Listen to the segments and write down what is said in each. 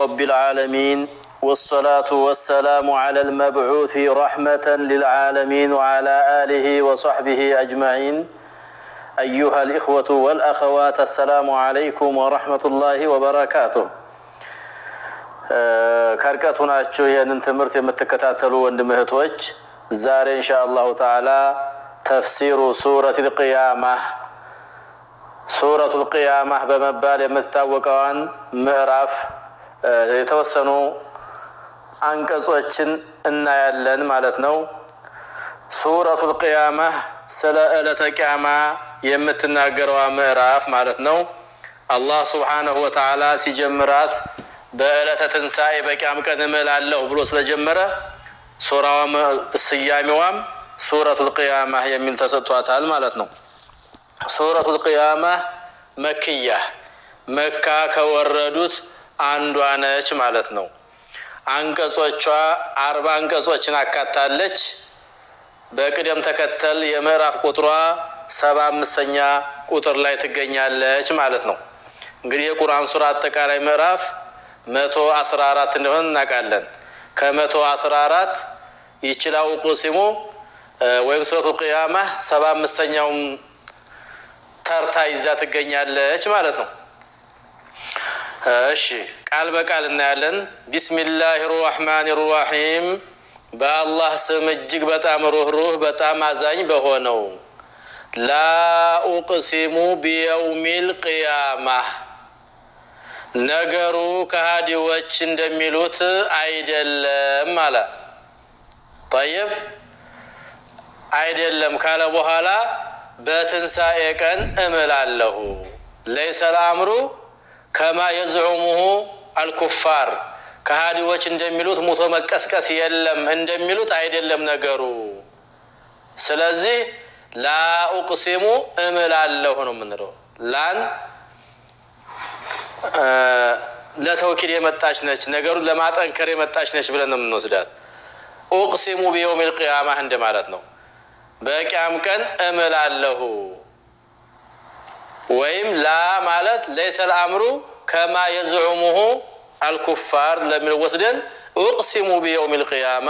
رب العالمين والصلاة والسلام على المبعوث رحمة للعالمين وعلى آله وصحبه أجمعين أيها الإخوة والأخوات السلام عليكم ورحمة الله وبركاته كاركاتنا أتشوهي أن انت مرت يمتكتاتلو واندمهتوش زار إن شاء الله تعالى تفسير سورة القيامة سورة القيامة بمبال يمتتاوكوان مئرف የተወሰኑ አንቀጾችን እናያለን ማለት ነው። ሱረቱል ቅያማ ስለ ዕለተ ቅያማ የምትናገረዋ ምዕራፍ ማለት ነው። አላህ ሱብሓነሁ ወተዓላ ሲጀምራት በዕለተ ትንሣኤ በቂያም ቀን እምላለሁ ብሎ ስለጀመረ ሱራዋ ስያሜዋም ሱረቱል ቅያማ የሚል ተሰጥቷታል ማለት ነው። ሱረቱል ቅያማ መክያ መካ ከወረዱት አንዷ ነች ማለት ነው። አንቀጾቿ አርባ አንቀጾችን አካታለች። በቅደም ተከተል የምዕራፍ ቁጥሯ ሰባ አምስተኛ ቁጥር ላይ ትገኛለች ማለት ነው። እንግዲህ የቁርአን ሱራ አጠቃላይ ምዕራፍ መቶ አስራ አራት እንደሆነ እናውቃለን። ከመቶ አስራ አራት ይችላው ቁሲሙ ወይም ሱረቱ ቅያማ ሰባ አምስተኛውም ተርታ ይዛ ትገኛለች ማለት ነው። እሺ ቃል በቃል እናያለን። ቢስሚላህ ራህማን ራሒም፣ በአላህ ስም እጅግ በጣም ሩህሩህ በጣም አዛኝ በሆነው ላ ኡቅሲሙ ቢየውሚል ቅያማ። ነገሩ ከሃዲዎች እንደሚሉት አይደለም አለ። ጠይብ አይደለም ካለ በኋላ በትንሣኤ ቀን እምላለሁ ለይሰል አምሩ ከማ የዝዑሙሁ አልኩፋር ከሃዲዎች እንደሚሉት ሙቶ መቀስቀስ የለም እንደሚሉት አይደለም ነገሩ። ስለዚህ ላ ኡቅሲሙ እምላለሁ ነው የምንለው። ላን ለተውኪድ የመጣች ነች፣ ነገሩን ለማጠንከር የመጣች ነች ብለን ነው የምንወስዳት። ኡቅሲሙ ቢየውም ልቅያማ እንደ ማለት ነው። በቅያም ቀን እምላለሁ ወይም ላ ማለት ለይሰል አምሩ ከማ የዝዑሙሁ አልኩፋር ለሚል ወስደን ኡቅሲሙ ቢየውም ልቅያማ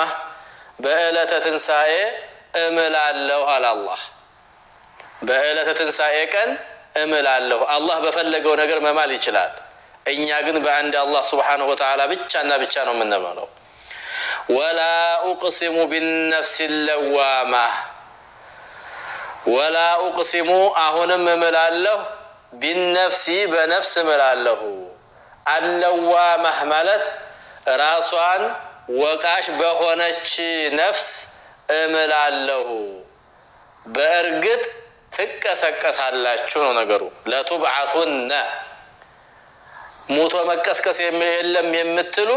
በዕለተ ትንሣኤ እምላለሁ አለ አላህ። ትንሣኤ ቀን እምላለሁ። አላህ በፈለገው ነገር መማል ይችላል። እኛ ግን በአንድ አላህ ስብሓነሁ ወተዓላ ብቻና ብቻ ነው የምንመለው። ወላ ኡቅሲሙ ቢነፍሲ ለዋማ ወላ ኡቅሲሙ አሁንም እምላለሁ ቢነፍሲ በነፍስ እምላለሁ። አለዋማህ ማለት ራሷን ወቃሽ በሆነች ነፍስ እምላለሁ። በእርግጥ ትቀሰቀሳላችሁ ነው ነገሩ። ለቱብዓቱነ ሙቶ መቀስቀስ የለም የምትሉ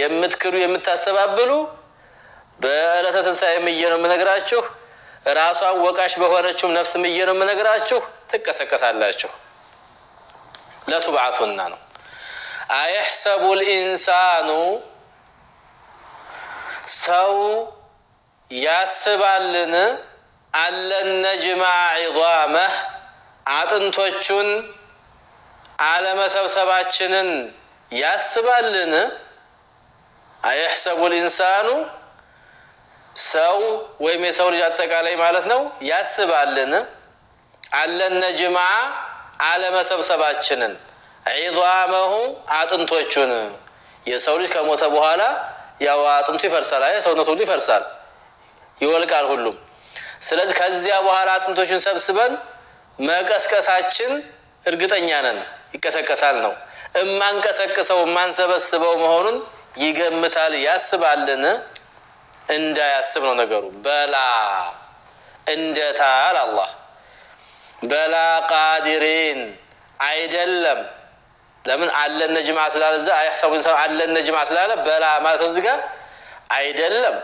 የምትክዱ የምታሰባብሉ በዕለተ ትንሣኤ ምዬ ነው የምነግራችሁ። ራሷን ወቃሽ በሆነችውም ነፍስ ምዬ ነው የምነግራችሁ። ትቀሰቀሳላችሁ። ለቱብዓቱና ነው። አየሕሰቡ ልኢንሳኑ ሰው ያስባልን? አለን ነጅማ ዒዛመህ አጥንቶቹን አለመሰብሰባችንን ያስባልን? አየሕሰቡ ልኢንሳኑ ሰው ወይም የሰው ልጅ አጠቃላይ ማለት ነው። ያስባልን አለን ነጅማ አለመሰብሰባችንን ዒዛመሁ አጥንቶቹን የሰው ልጅ ከሞተ በኋላ ያው አጥንቱ ይፈርሳል፣ ሰውነቱ ሁሉ ይፈርሳል፣ ይወልቃል ሁሉም። ስለዚህ ከዚያ በኋላ አጥንቶቹን ሰብስበን መቀስቀሳችን እርግጠኛ ነን፣ ይቀሰቀሳል ነው። እማንቀሰቅሰው እማንሰበስበው መሆኑን ይገምታል ያስባልን? እንዳያስብ ነው ነገሩ። በላ እንደታል አላህ በላ ቃዲሪን አይደለም። ለምን አለነ ጅማ ስላለ እዛ አይሕሰቡ ኢንሳን አለነ ጅማ ስላለ በላ ማለት እዚህ ጋር አይደለም።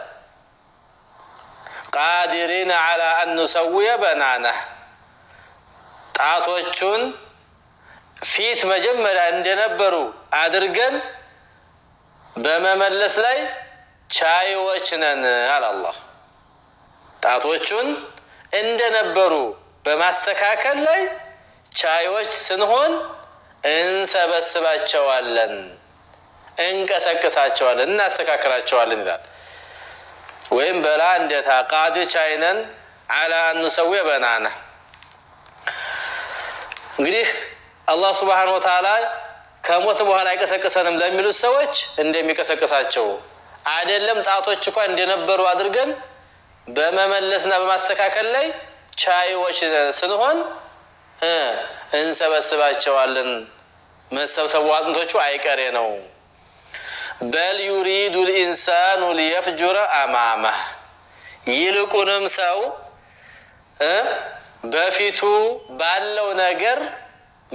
ቃዲሪን አላ አንሰውየ ኑሰውየ ጣቶቹን ፊት መጀመሪያ እንደነበሩ አድርገን በመመለስ ላይ ቻይዎች ነን አላላህ ጣቶቹን እንደነበሩ በማስተካከል ላይ ቻዮች ስንሆን እንሰበስባቸዋለን፣ እንቀሰቅሳቸዋለን፣ እናስተካክላቸዋለን ይላል። ወይም በላ እንደታ ቃድ ቻይነን አላ አንሰዌ በናና እንግዲህ አላህ ስብሓነሁ ወተዓላ ከሞት በኋላ አይቀሰቅሰንም ለሚሉት ሰዎች እንደሚቀሰቅሳቸው አይደለም ጣቶች እንኳ እንደነበሩ አድርገን በመመለስና በማስተካከል ላይ ቻይዎች ስንሆን እንሰበስባቸዋለን። መሰብሰቡ አጥንቶቹ አይቀሬ ነው። በል ዩሪዱ ልኢንሳኑ ሊየፍጁረ አማማህ ይልቁንም ሰው በፊቱ ባለው ነገር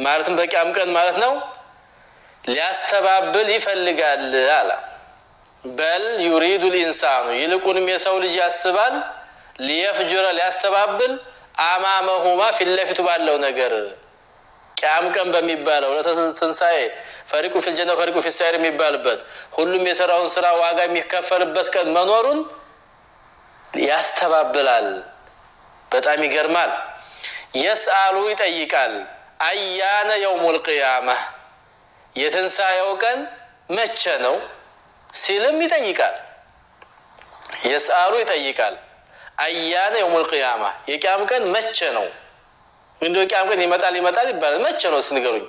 ማለትም በቂያም ቀን ማለት ነው ሊያስተባብል ይፈልጋል አለ። በል ዩሪዱ ልኢንሳኑ ይልቁንም የሰው ልጅ ያስባል ሊየፍጅረ ሊያሰባብል አማመሁማ ፊት ባለው ነገር ቅያም ቀን በሚባለው ለተንሳኤ ፈሪቁ ፊልጀና ፈሪቁ ፊሳይር የሚባልበት ሁሉም የሰራውን ስራ ዋጋ የሚከፈልበት ቀን መኖሩን ያስተባብላል። በጣም ይገርማል። የስአሉ ይጠይቃል። አያነ የውሙል ቅያማ የትንሣኤው ቀን መቼ ነው ሲልም ይጠይቃል። የስአሉ ይጠይቃል አያነ የውሙል ቅያማ የቅያም ቀን መቼ ነው? እንደ ቅያም ቀን ይመጣል ይመጣል ይባላል። መቼ ነው ስንገሩኝ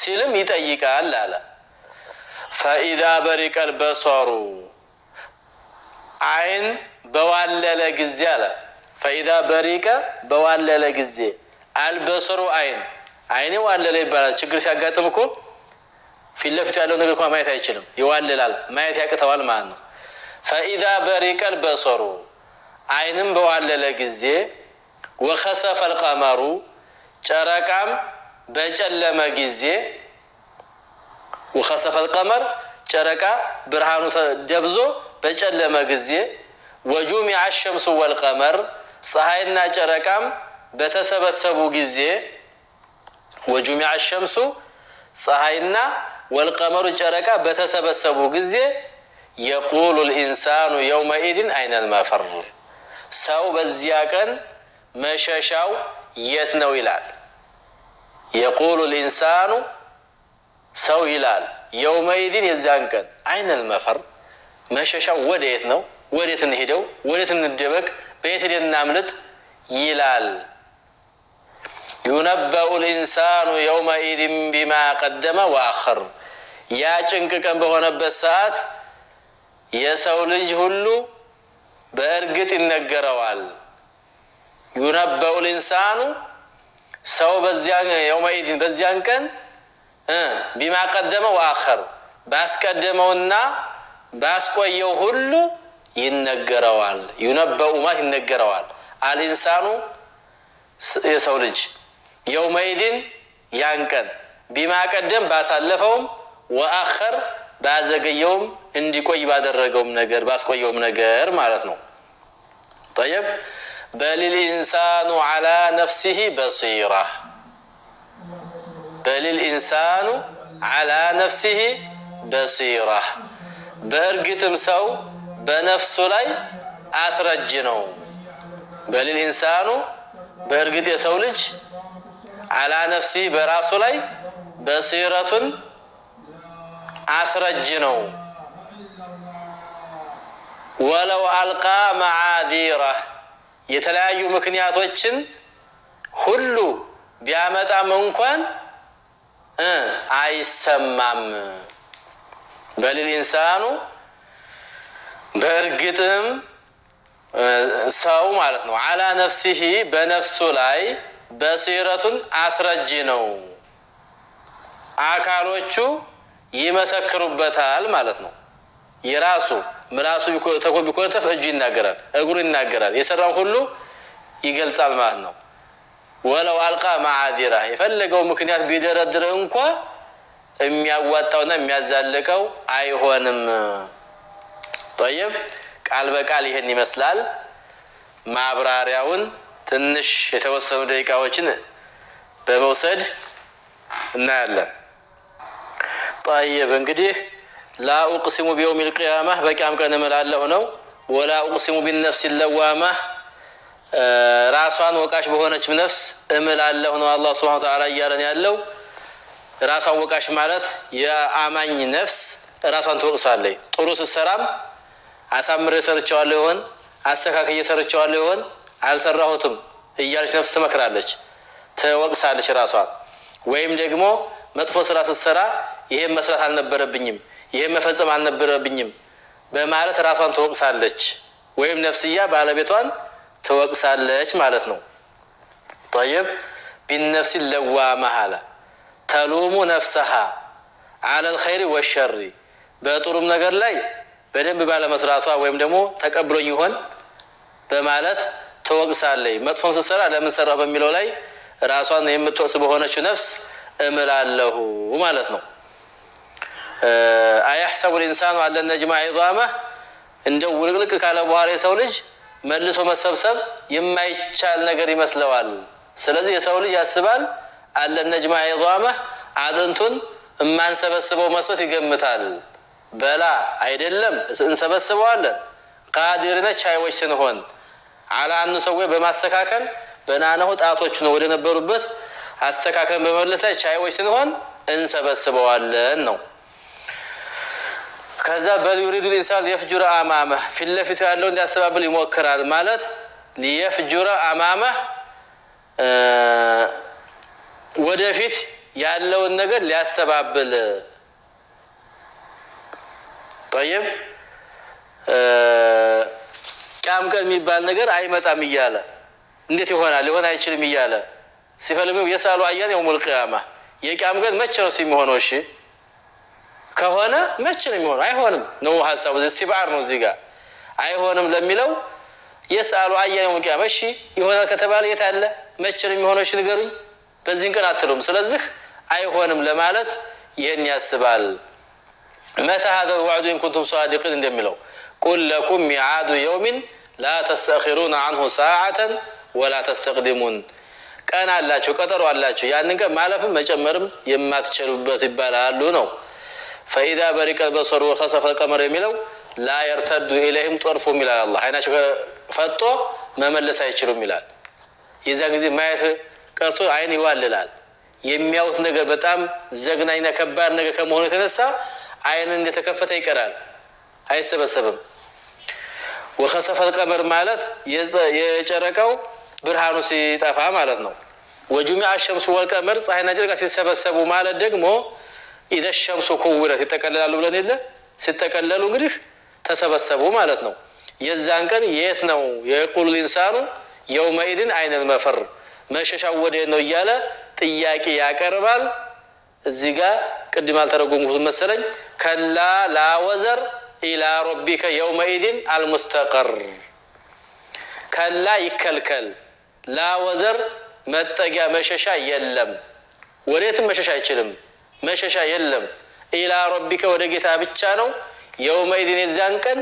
ሲልም ይጠይቃል አለ። ፈኢዛ በሪቀል በሰሩ አይን በዋለለ ጊዜ አለ። ፈኢዛ በሪቀ በዋለለ ጊዜ አልበሰሩ አይን አይኔ ዋለለ ይባላል። ችግር ሲያጋጥም እኮ ፊት ለፊቱ ያለው ነገር እንኳ ማየት አይችልም። ይዋልላል፣ ማየት ያቅተዋል ማለት ነው። ፈኢዛ በሪቀል በሰሩ አይንም በዋለለ ጊዜ ወከሰፈ ልቀመሩ ጨረቃም በጨለመ ጊዜ ወከሰፈ ልቀመር ጨረቃ ብርሃኑ ደብዞ በጨለመ ጊዜ ወጁሚዐ ሸምሱ ወልቀመር ፀሐይና ጨረቃም በተሰበሰቡ ጊዜ ወጁሚዐ ሸምሱ ፀሐይና ወልቀመሩ ጨረቃ በተሰበሰቡ ጊዜ የቁሉ ልኢንሳኑ የውመኢድን አይነል መፈሩ ሰው በዚያ ቀን መሸሻው የት ነው ይላል። የቁሉ ልኢንሳኑ ሰው ይላል የውመይዲን የዚያን ቀን አይነል መፈር መሸሻው ወደ የት ነው? ወዴት እንሄደው? ወዴት እንደበቅ? በየት ሄደን እናምልጥ ይላል። ዩነበኡ ልኢንሳኑ የውመኢድን ቢማ ቀደመ ወአኸር። ያ ጭንቅ ቀን በሆነበት ሰዓት የሰው ልጅ ሁሉ በእርግጥ ይነገረዋል። ዩነበኡ ልኢንሳኑ ሰው የውመኢድን በዚያን ቀን ቢማ ቀደመ ወአኸር ባስቀደመውና ባስቆየው ሁሉ ይነገረዋል። ዩነበኡ ማለት ይነገረዋል። አልኢንሳኑ የሰው ልጅ የውመኢድን ያን ቀን ቢማ ቀደም ባሳለፈውም ወአኸር ባዘገየውም እንዲቆይ ባደረገውም ነገር ባስቆየውም ነገር ማለት ነው። ጠየብ በሊል ኢንሳኑ አላ ነፍሲሂ በሲራ በሊል ኢንሳኑ አላ ነፍሲሂ በሲራ በእርግጥም ሰው በነፍሱ ላይ አስረጅ ነው። በሊል ኢንሳኑ በእርግጥ የሰው ልጅ አላ ነፍሲሂ በራሱ ላይ በሲረቱን አስረጅ ነው። ወለው አልቃ መዓዚራ የተለያዩ ምክንያቶችን ሁሉ ቢያመጣም እንኳን አይሰማም። በሊል ኢንሳኑ በእርግጥም ሰው ማለት ነው። አላ ነፍሲሂ በነፍሱ ላይ በሲረቱን አስረጅ ነው አካሎቹ ይመሰክሩበታል ማለት ነው። የራሱ ምላሱ ተኮ ቢኮተፍ እጁ ይናገራል፣ እግሩ ይናገራል፣ የሰራው ሁሉ ይገልጻል ማለት ነው። ወለው አልቃ ማዓዚራ የፈለገው ምክንያት ቢደረድር እንኳ የሚያዋጣውና የሚያዛልቀው አይሆንም። ጠይብ ቃል በቃል ይህን ይመስላል። ማብራሪያውን ትንሽ የተወሰኑ ደቂቃዎችን በመውሰድ እናያለን። ጠየበ እንግዲህ ላ ኡቅሲሙ ቢየውም ልቅያማ በቂያም ቀን እምላለሁ ነው። ወላ ኡቅሲሙ ቢነፍስ ለዋማ ራሷን ወቃሽ በሆነችም ነፍስ እምላለሁ ነው አላህ ሱብሓነሁ ወተዓላ እያለን ያለው። ራሷን ወቃሽ ማለት የአማኝ ነፍስ ራሷን ትወቅሳለች። ጥሩ ስትሰራም አሳምሬ ሰርቸዋለሁ ይሆን አስተካክዬ ሰርቸዋለሁ ይሆን አልሰራሁትም እያለች ነፍስ ትመክራለች፣ ትወቅሳለች ራሷን። ወይም ደግሞ መጥፎ ስራ ስትሰራ ይሄ መስራት አልነበረብኝም፣ ይሄ መፈጸም አልነበረብኝም በማለት ራሷን ትወቅሳለች፣ ወይም ነፍስያ ባለቤቷን ትወቅሳለች ማለት ነው። ጠይብ ቢነፍሲ ለዋ መሃላ ተሉሙ ነፍሰሃ አለል ኸይሪ ወሸሪ በጥሩም ነገር ላይ በደንብ ባለመስራቷ ወይም ደግሞ ተቀብሎኝ ይሆን በማለት ትወቅሳለች። መጥፎን ስትሰራ ለምን ሰራሁ በሚለው ላይ ራሷን የምትወቅስ በሆነችው ነፍስ እምላለሁ ማለት ነው። አያሕሰቡ ልኢንሳኑ አለን ነጅማ ዒዛመህ እንደው ውልቅልቅ ካለ በኋላ የሰው ልጅ መልሶ መሰብሰብ የማይቻል ነገር ይመስለዋል። ስለዚህ የሰው ልጅ ያስባል አለን ነጅማ ዒዛመህ አጥንቱን እማንሰበስበው መስሎት ይገምታል። በላ አይደለም እንሰበስበዋለን። ቃዲርነ ቻይዎች ስንሆን አላኑ ሰዎች በማስተካከል በናነሁ ጣቶቹ ነው ወደ ነበሩበት አስተካከልን በመለስ ቻይዎች ስንሆን እንሰበስበዋለን ነው። ከዛ በል ዩሪዱ ልኢንሳን የፍጁረ አማመህ ፊት ለፊቱ ያለው እንዲያስተባብል ይሞክራል ማለት የፍጁረ አማመህ ወደፊት ያለውን ነገር ሊያስተባብል ጠይብ ቂያም ቀን የሚባል ነገር አይመጣም እያለ እንዴት ይሆናል ሊሆን አይችልም እያለ ሲፈልግም የሳሉ አያን የውሙል ቂያማ የቂያም ቀን መቼ ነው ሲሚሆነው? እሺ ከሆነ መቼ ነው የሚሆነው? አይሆንም ነው ሀሳቡ። ሲባር ነው እዚህ ጋር አይሆንም ለሚለው የሰአሉ አያን የሙቅያም እሺ ይሆናል ከተባለ የት አለ? መቼ ነው የሚሆነው? እሺ ንገሩኝ። በዚህን ቀን አትሉም። ስለዚህ አይሆንም ለማለት ይህን ያስባል። መታ ሀዘ ዋዕዱ ኢንኩንቱም ሷዲቂን እንደሚለው ቁል ለኩም ሚዓዱ የውሚን ላ ተስተእኪሩነ አንሁ ሰዓተን ወላ ተስተቅድሙን ቀን አላችሁ፣ ቀጠሮ አላችሁ። ያንን ቀን ማለፍም መጨመርም የማትችሉበት ይባላሉ ነው ፈኢዛ በሪቀት በሰሩ ከሰፈ ቀመር የሚለው ላ የርተዱ ኢለይህም ጠርፉም ይላል። አላህ አይናቸው ፈጦ መመለስ አይችሉም ይላል። የዛ ጊዜ ማየት ቀርቶ አይን ይዋልላል። የሚያዩት ነገር በጣም ዘግናኝና ከባድ ነገር ከመሆኑ የተነሳ አይን እንደተከፈተ ይቀራል፣ አይሰበሰብም። ወከሰፈል ቀመር ማለት የጨረቃው ብርሃኑ ሲጠፋ ማለት ነው። ወጁሚዓ ሸምሱ ወልቀመር ፀሐይና ጨረቃ ሲሰበሰቡ ማለት ደግሞ ኢዘ ሸምሱ ኩውረት ይጠቀለላሉ ብለን የለ ሲጠቀለሉ እንግዲህ ተሰበሰቡ ማለት ነው። የዛን ቀን የት ነው የቁል ኢንሳኑ የውመኢድን አይነን መፈር መሸሻው ወደ ነው እያለ ጥያቄ ያቀርባል። እዚህ ጋር ቅድም አልተረጎምኩት መሰለኝ። ከላ ላወዘር ኢላ ረቢከ የውመኢድን አልሙስተቀር ከላ ይከልከል፣ ላወዘር መጠጊያ መሸሻ የለም፣ ወዴትም መሸሻ አይችልም። መሸሻ የለም። ኢላ ረቢከ ወደ ጌታ ብቻ ነው። የውመይድን የዚያን ቀን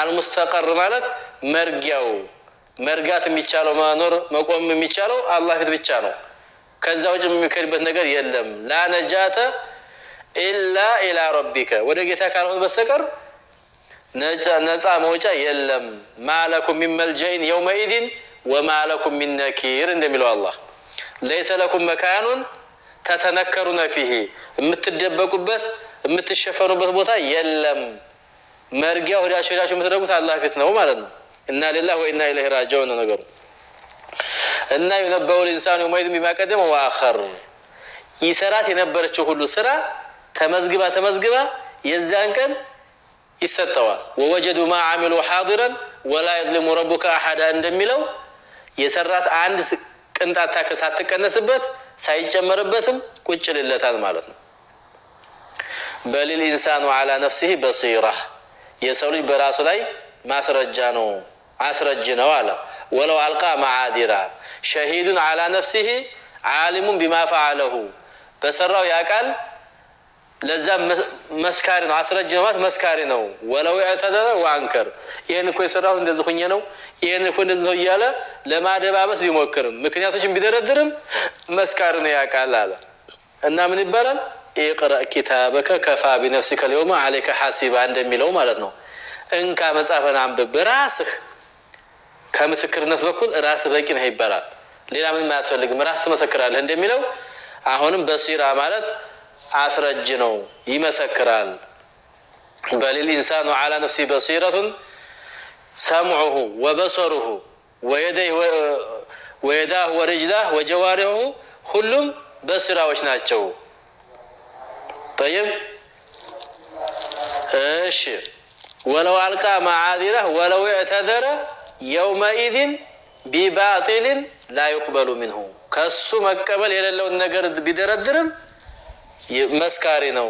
አልሙስተቀር ማለት መርጊያው መርጋት የሚቻለው መኖር መቆም የሚቻለው አላህ ፊት ብቻ ነው። ከዛ ውጭ የሚከድበት ነገር የለም። ላ ነጃተ ኢላ ኢላ ረቢከ ወደ ጌታ ካልሆን በስተቀር ነፃ መውጫ የለም። ማለኩም ሚን መልጀኢን የውመኢድን ወማለኩም ሚን ነኪር እንደሚለው አላህ ለይሰ ለኩም መካኑን ተተነከሩ ነፊሄ የምትደበቁበት የምትሸፈኑበት ቦታ የለም። መርጊያ ወዳችሁ ወዳችሁ የምትደረጉት አላህ ፊት ነው ማለት ነው። እና ሌላ ወይ ኢለይሂ ራጂዑን ነው ነገሩ። እና የነበሩ ልኢንሳን የውመይድ ቢማ ወአኸር ይሰራት የነበረችው ሁሉ ስራ ተመዝግባ ተመዝግባ የዚያን ቀን ይሰጠዋል። ወወጀዱ ማ አሚሉ ሓዲረን ወላ የዝሊሙ ረቡከ አሓዳ እንደሚለው የሰራት አንድ ቅንጣት ታክል ሳትቀነስበት ሳይጨመርበትም ቁጭ ልለታል ማለት ነው። በሊል ኢንሳኑ አላ ነፍሲህ በሲራ የሰው ልጅ በራሱ ላይ ማስረጃ ነው አስረጅ ነው አለ። ወለው አልቃ መዓዲራ ሸሂዱን አላ ነፍሲህ ዓሊሙን ቢማ ፈዓለሁ በሰራው ያቃል ለዛ መስካሪ ነው። አስረጅ ማለት መስካሪ ነው። ወለው ያተደረ ወአንከር ይህን እኮ የሰራሁት እንደዚህ ሁኜ ነው፣ ይህን እኮ እንደዚህ ነው እያለ ለማደባበስ ቢሞክርም ምክንያቶችን ቢደረድርም መስካሪ ነው ያውቃል አለ እና ምን ይባላል? ኢቅረእ ኪታበከ ከፋ ቢነፍሲከ ልየውመ ዓለይከ ሓሲባ እንደሚለው ማለት ነው። እንካ መጽሐፈን አንብብ፣ ራስህ ከምስክርነት በኩል ራስ በቂ ነህ ይባላል። ሌላ ምንም አያስፈልግም፣ ራስ ትመሰክራለህ እንደሚለው አሁንም በሲራ ማለት አስረጅ ነው፣ ይመሰክራል። በሊል ኢንሳኑ ዐላ ነፍሲ በሲረቱን ሰምዑሁ ወበሰሩሁ ወየዳህ ወርጅላህ ወጀዋሪሁ ሁሉም በስራዎች ናቸው። ጠይብ እሺ። ወለው አልቃ መዓዚረህ ወለው እዕተዘረ የውመኢዝን ቢባጢልን ላ ዩቅበሉ ሚንሁ ከሱ መቀበል የሌለውን ነገር ቢደረድርም መስካሪ ነው።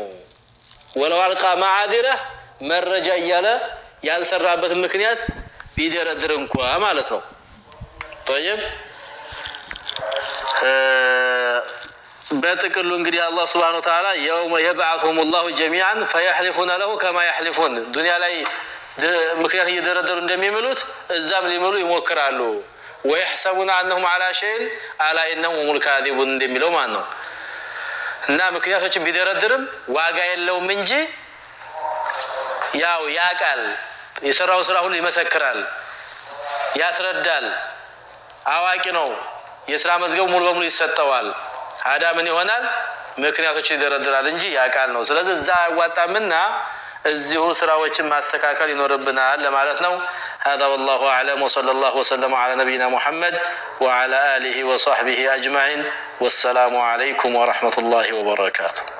ወለው አልቃ መዓዚረ መረጃ እያለ ያልሰራበት ምክንያት ቢደረድር እንኳ ማለት ነው። ጠይብ በጥቅሉ እንግዲህ አላህ ስብሃነ ወተዓላ የውመ የብዓቱሁም ላሁ ጀሚዓን ፈየሕሊፉነ ለሁ ከማ የሕሊፉን ዱንያ ላይ ምክንያት እየደረደሩ እንደሚምሉት እዛም ሊምሉ ይሞክራሉ። ወየሕሰቡነ አነሁም አላ ሸይን አላ ኢነሁም ሙልካዚቡን እንደሚለው ማን ነው እና ምክንያቶችን ቢደረድርም ዋጋ የለውም እንጂ ያው ያቃል፣ የሰራው ስራ ሁሉ ይመሰክራል፣ ያስረዳል፣ አዋቂ ነው። የስራ መዝገቡ ሙሉ በሙሉ ይሰጠዋል። አዳ ምን ይሆናል? ምክንያቶችን ይደረድራል እንጂ ያቃል ነው። ስለዚህ እዛ አያዋጣምና እዚሁ ስራዎችን ማስተካከል ይኖርብናል ለማለት ነው። هذا والله أعلم وصلى الله وسلم على نبينا محمد وعلى آله وصحبه أجمعين والسلام عليكم ورحمة الله وبركاته